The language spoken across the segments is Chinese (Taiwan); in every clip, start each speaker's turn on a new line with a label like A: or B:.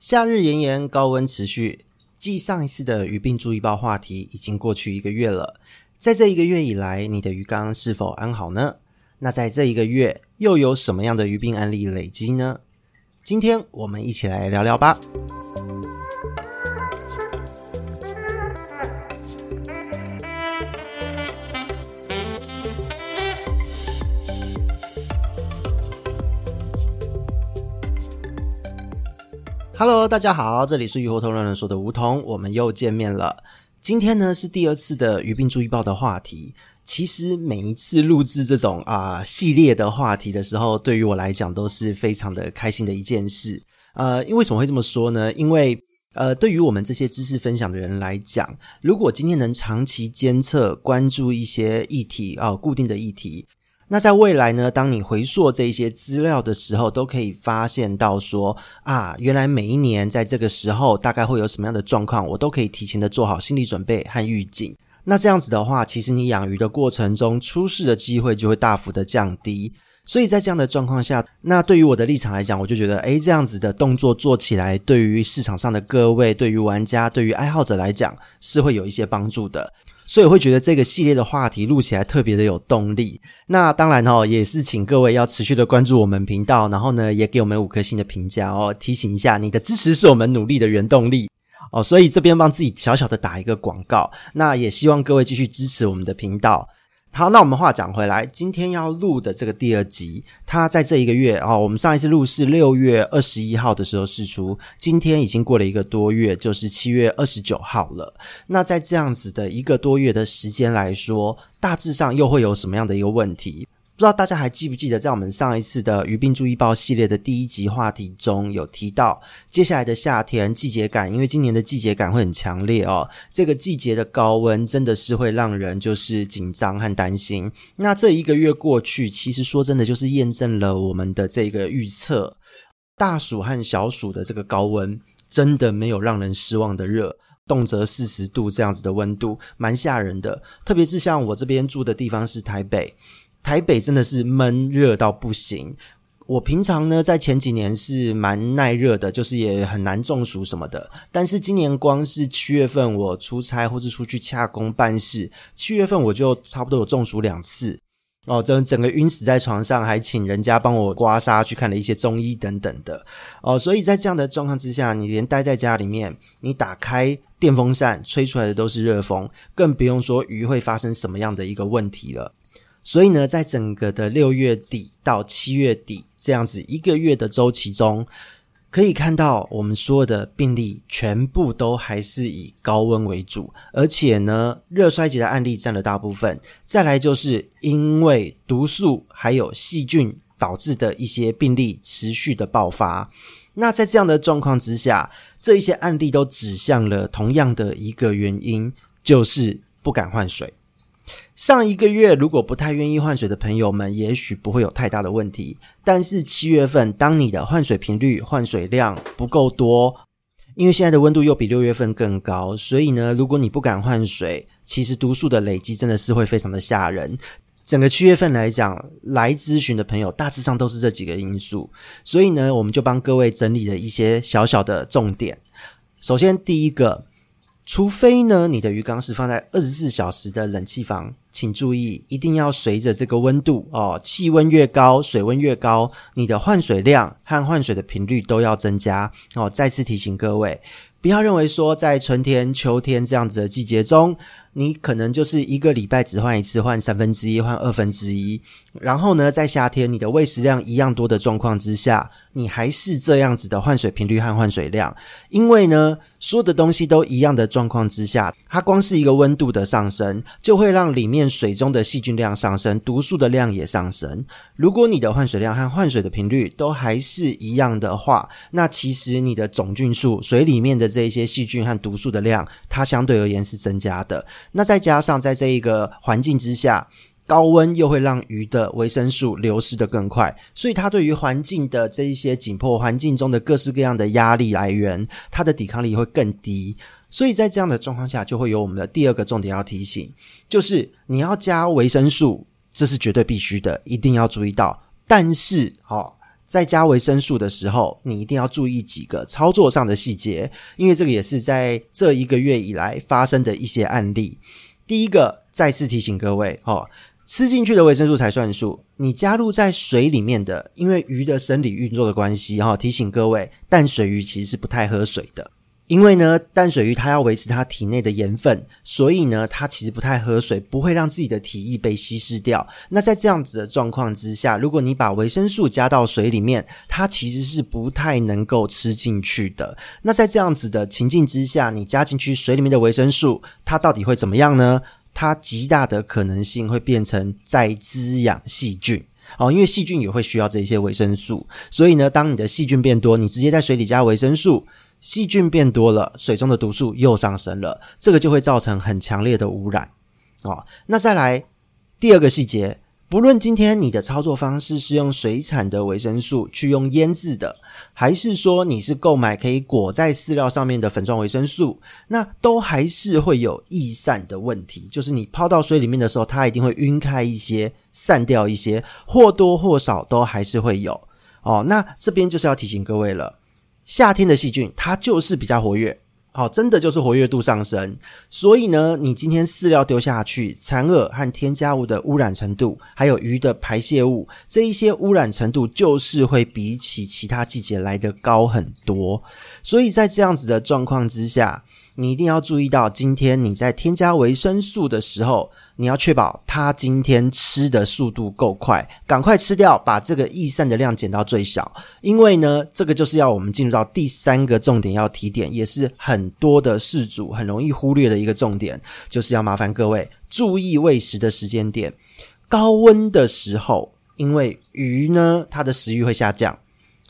A: 夏日炎炎，高溫持續。繼上一次的魚病注意報話題已經過去一個月了，在這一個月以來，你的魚缸是否安好呢？那在這一個月，又有什麼樣的魚病案例累積呢？今天我們一起來聊聊吧。Hello，大家好，這裡是魚活通亂亂說的梧桐，我們又見面了。今天呢是第二次的魚病注意報的話題。其實每一次錄制這種啊、呃、系列的話題的時候，對於我來講都是非常的開心的一件事。呃，因為什麼會這麼說呢？因為呃，對於我們這些知識分享的人來講，如果今天能長期監測、關注一些議題啊、呃，固定的議題。那在未來呢，當你回溯這一些資料的時候，都可以發現到說啊，原來每一年在這個時候大概會有什麼樣的狀況，我都可以提前的做好心理準備和預警。那這樣子的話，其實你養魚的過程中出事的機會就會大幅的降低。所以在這樣的狀況下，那對於我的立場來講，我就覺得，誒，這樣子的動作做起來，對於市場上的各位、對於玩家、對於愛好者來講，是會有一些幫助的。所以我會覺得這個系列的話題錄起來特別的有動力。那當然哦，也是請各位要持續的關注我們頻道，然後呢，也給我們五顆星的評價哦。提醒一下，你的支持是我們努力的原動力哦。所以這邊幫自己小小的打一個廣告。那也希望各位繼續支持我們的頻道。好，那我們話講回來，今天要錄的這個第二集，它在這一個月啊、哦，我們上一次錄是六月二十一號的時候釋出，今天已經過了一個多月，就是七月二十九號了。那在這樣子的一個多月的時間來說，大致上又會有什麼樣的一個問題？不知道大家還記不記得，在我們上一次的“魚病注意報”系列的第一集話題中，有提到接下來的夏天季節感，因為今年的季節感會很強烈哦。這個季節的高溫真的是會讓人就是緊張和擔心。那這一個月過去，其實說真的，就是驗證了我們的這個預測：大暑和小暑的這個高溫，真的沒有讓人失望的熱，動輒四十度這樣子的溫度，蠻嚇人的。特別是像我這邊住的地方是台北。台北真的是悶熱到不行。我平常呢，在前幾年是蠻耐熱的，就是也很難中暑什麼的。但是今年光是七月份，我出差或是出去洽公辦事，七月份我就差不多有中暑兩次哦，整整個暈死在床上，還請人家幫我刮痧，去看了一些中醫等等的哦。所以在這樣的狀況之下，你連待在家裡面，你打開電風扇吹出來的都是熱風，更不用說魚會發生什麼樣的一個問題了。所以呢，在整個的六月底到七月底這樣子一個月的週期中，可以看到我們說的病例全部都還是以高溫為主，而且呢，熱衰竭的案例占了大部分。再來就是因為毒素還有細菌導致的一些病例持續的爆發。那在這樣的狀況之下，這一些案例都指向了同樣的一個原因，就是不敢換水。上一個月如果不太願意換水的朋友們，也許不會有太大的問題。但是七月份，當你的換水頻率、換水量不夠多，因為現在的溫度又比六月份更高，所以呢，如果你不敢換水，其實毒素的累積真的是會非常的嚇人。整個七月份來講，來諮詢的朋友大致上都是這幾個因素，所以呢，我們就幫各位整理了一些小小的重點。首先，第一個，除非呢，你的魚缸是放在二十四小時的冷氣房，請注意，一定要隨着這個溫度哦，氣溫越高，水溫越高，你的換水量和換水的頻率都要增加哦。再次提醒各位。不要認為說在春天、秋天這樣子的季節中，你可能就是一個禮拜只換一次，換三分之一，換二分之一。然後呢，在夏天，你的餵食量一樣多的狀況之下，你還是這樣子的換水頻率和換水量，因為呢，所有的東西都一樣的狀況之下，它光是一個溫度的上升，就會讓裡面水中的細菌量上升，毒素的量也上升。如果你的換水量和換水的頻率都還是一樣的話，那其實你的總菌數水裡面的，這個這一些細菌和毒素的量，它相對而言是增加的。那再加上在這一個環境之下，高溫又會讓魚的維生素流失得更快，所以它對於環境的這一些緊迫環境中的各式各樣的壓力來源，它的抵抗力會更低。所以在這樣的狀況下，就會有我們的第二個重點要提醒，就是你要加維生素，這是絕對必須的，一定要注意到。但是，哈、哦。在加維生素的時候，你一定要注意幾個操作上的細節，因為這個也是在這一個月以來發生的一些案例。第一個，再次提醒各位哈、哦，吃進去的維生素才算數。你加入在水裡面的，因為魚的生理運作的關係哈、哦，提醒各位，淡水魚其實是不太喝水的。因為呢，淡水魚它要維持它體內的鹽分，所以呢，它其實不太喝水，不會讓自己的體液被稀釋掉。那在這樣子的狀況之下，如果你把維生素加到水裡面，它其實是不太能夠吃進去的。那在這樣子的情境之下，你加進去水裡面的維生素，它到底會怎麼樣呢？它極大的可能性會變成在滋養細菌哦，因為細菌也會需要這些維生素，所以呢，當你的細菌變多，你直接在水裡加維生素。細菌變多了，水中的毒素又上升了，這個就會造成很強烈的污染哦，那再來第二個細節，不論今天你的操作方式是用水產的維生素去用醃制的，還是說你是購買可以裹在飼料上面的粉狀維生素，那都還是會有逸散的問題。就是你泡到水裡面的時候，它一定會暈開一些，散掉一些，或多或少都還是會有哦。那這邊就是要提醒各位了。夏天的細菌，它就是比較活躍。好、哦，真的就是活躍度上升，所以呢，你今天飼料丟下去，殘餌和添加物的污染程度，還有魚的排泄物這一些污染程度，就是會比起其他季節來得高很多。所以在這樣子的狀況之下，你一定要注意到，今天你在添加維生素的時候，你要確保它今天吃的速度夠快，趕快吃掉，把這個逸散的量減到最小。因為呢，這個就是要我們進入到第三個重點要提點，也是很。很多的飼主很容易忽略的一個重點，就是要麻煩各位注意餵食的時間點。高溫的時候，因為魚呢，它的食欲會下降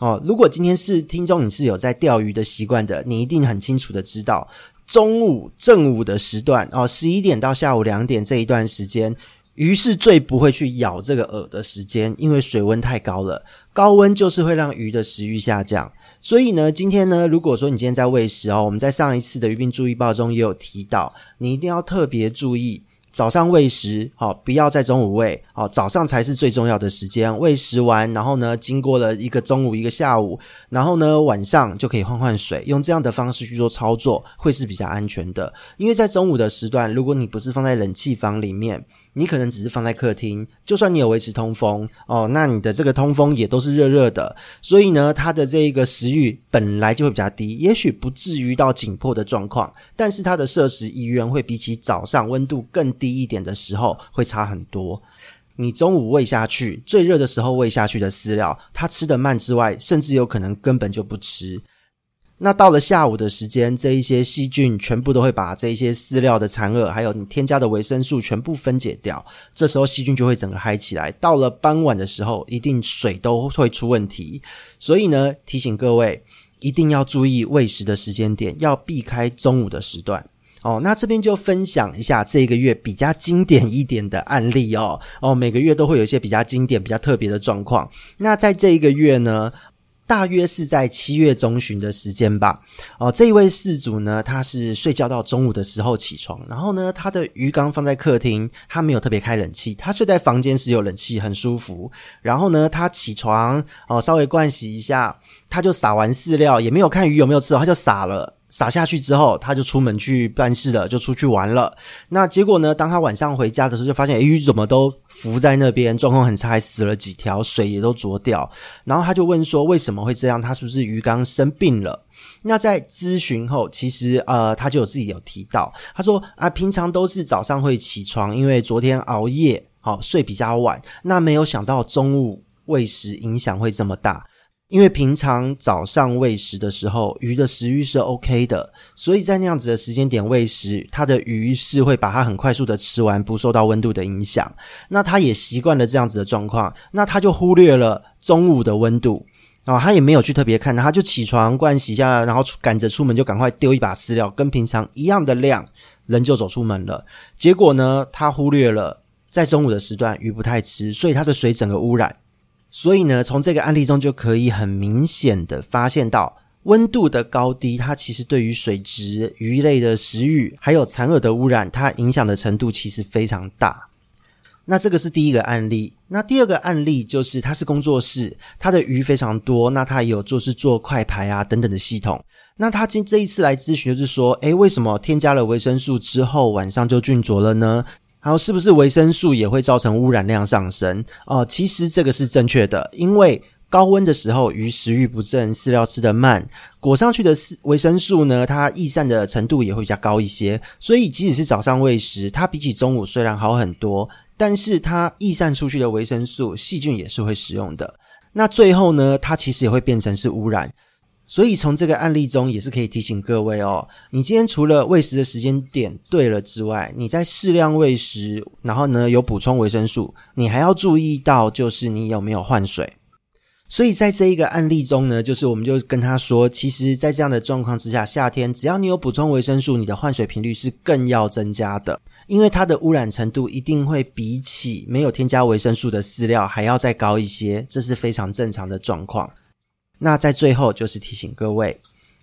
A: 哦。如果今天是聽眾，你是有在釣魚的習慣的，你一定很清楚的知道，中午正午的時段哦，十一點到下午兩點這一段時間。魚是最不會去咬這個餌的時間，因為水溫太高了。高溫就是會讓魚的食欲下降。所以呢，今天呢，如果說你今天在餵食哦，我們在上一次的魚病注意報中也有提到，你一定要特別注意。早上餵食，哦，不要在中午餵，哦，早上才是最重要的時間。餵食完，然後呢，經過了一個中午，一個下午，然後呢，晚上就可以換換水，用這樣的方式去做操作，會是比較安全的。因為在中午的時段，如果你不是放在冷氣房裡面，你可能只是放在客廳，就算你有維持通風，哦，那你的這個通風也都是熱熱的，所以呢，它的這個食欲本來就會比較低，也許不至於到緊迫的狀況，但是它的攝食意願會比起早上溫度更低。低一點的時候會差很多。你中午餵下去，最熱的時候餵下去的飼料，它吃得慢之外，甚至有可能根本就不吃。那到了下午的時間，這一些細菌全部都會把這一些飼料的殘餌，還有你添加的維生素全部分解掉。這時候細菌就會整個嗨起來。到了傍晚的時候，一定水都會出問題。所以呢，提醒各位一定要注意餵食的時間點，要避開中午的時段。哦，那這邊就分享一下這一個月比較經典一點的案例哦。哦，每個月都會有一些比較經典、比較特別的狀況。那在這一個月呢，大約是在七月中旬的時間吧。哦，這一位事主呢，他是睡覺到中午的時候起床，然後呢，他的魚缸放在客廳，他沒有特別開冷氣，他睡在房間時有冷氣，很舒服。然後呢，他起床，哦，稍微盥洗一下，他就撒完飼料，也沒有看魚有沒有吃，他就撒了。撒下去之後，他就出門去辦事了，就出去玩了。那結果呢？當他晚上回家的時候，就發現，哎，魚怎麼都浮在那邊，狀況很差，還死了幾條，水也都濁掉。然後他就問說：“為什麼會這樣？他是不是魚缸生病了？”那在諮詢後，其實呃，他就有自己有提到，他說：“啊，平常都是早上會起床，因為昨天熬夜，好、哦、睡比較晚。那沒有想到中午餵食影響會這麼大。”因為平常早上餵食的時候，魚的食欲是 OK 的，所以在那樣子的時間點餵食，它的魚是會把它很快速的吃完，不受到溫度的影響。那它也習慣了這樣子的狀況，那它就忽略了中午的溫度啊，它、哦、也沒有去特別看，然後他就起床盥洗一下，然後趕着出門就趕快丟一把飼料，跟平常一樣的量，人就走出門了。結果呢，它忽略了，在中午的時段魚不太吃，所以它的水整個污染。所以呢，從這個案例中就可以很明顯的發現到，溫度的高低，它其實對於水質、魚類的食欲，還有殘餌的污染，它影響的程度其實非常大。那這個是第一個案例。那第二個案例就是，它是工作室，它的魚非常多，那它也有做是做快排啊等等的系統。那它今這一次來諮詢就是說，哎，為什麼添加了維生素之後，晚上就菌濁了呢？還有，是不是維生素也會造成污染量上升？哦，其實這個是正確的，因為高溫的時候，魚食慾不振，飼料吃得慢，裹上去的維維生素呢，它逸散的程度也會比較高一些。所以，即使是早上餵食，它比起中午雖然好很多，但是它逸散出去的維生素，細菌也是會使用的。那最後呢，它其實也會變成是污染。所以從這個案例中也是可以提醒各位哦，你今天除了餵食的時間點對了之外，你在適量餵食，然後呢，有補充維生素，你還要注意到就是你有沒有換水。所以在這一個案例中呢，就是我們就跟他說，其實，在這樣的狀況之下，夏天只要你有補充維生素，你的換水頻率是更要增加的，因為它的污染程度一定會比起沒有添加維生素的飼料還要再高一些，這是非常正常的狀況。那在最後就是提醒各位，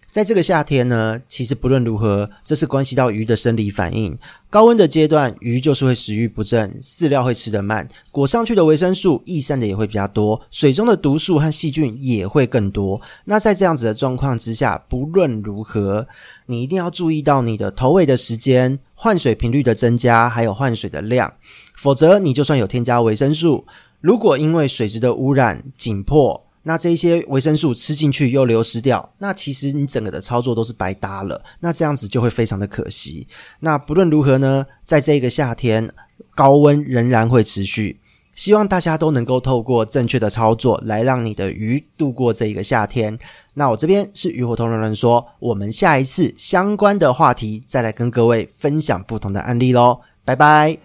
A: 在這個夏天呢，其實不論如何，這是關係到魚的生理反應。高溫的階段，魚就是會食慾不振，飼料會吃得慢，裹上去的維生素逸散的也會比較多，水中的毒素和細菌也會更多。那在這樣子的狀況之下，不論如何，你一定要注意到你的投餵的時間、換水頻率的增加，還有換水的量。否則，你就算有添加維生素，如果因為水質的污染緊迫，那這一些維生素吃進去又流失掉，那其實你整個的操作都是白搭了。那這樣子就會非常的可惜。那不論如何呢，在這個夏天高溫仍然會持續，希望大家都能夠透過正確的操作來讓你的魚度過這一個夏天。那我這邊是魚活通亂亂說，我們下一次相關的話題再來跟各位分享不同的案例嘍，拜拜。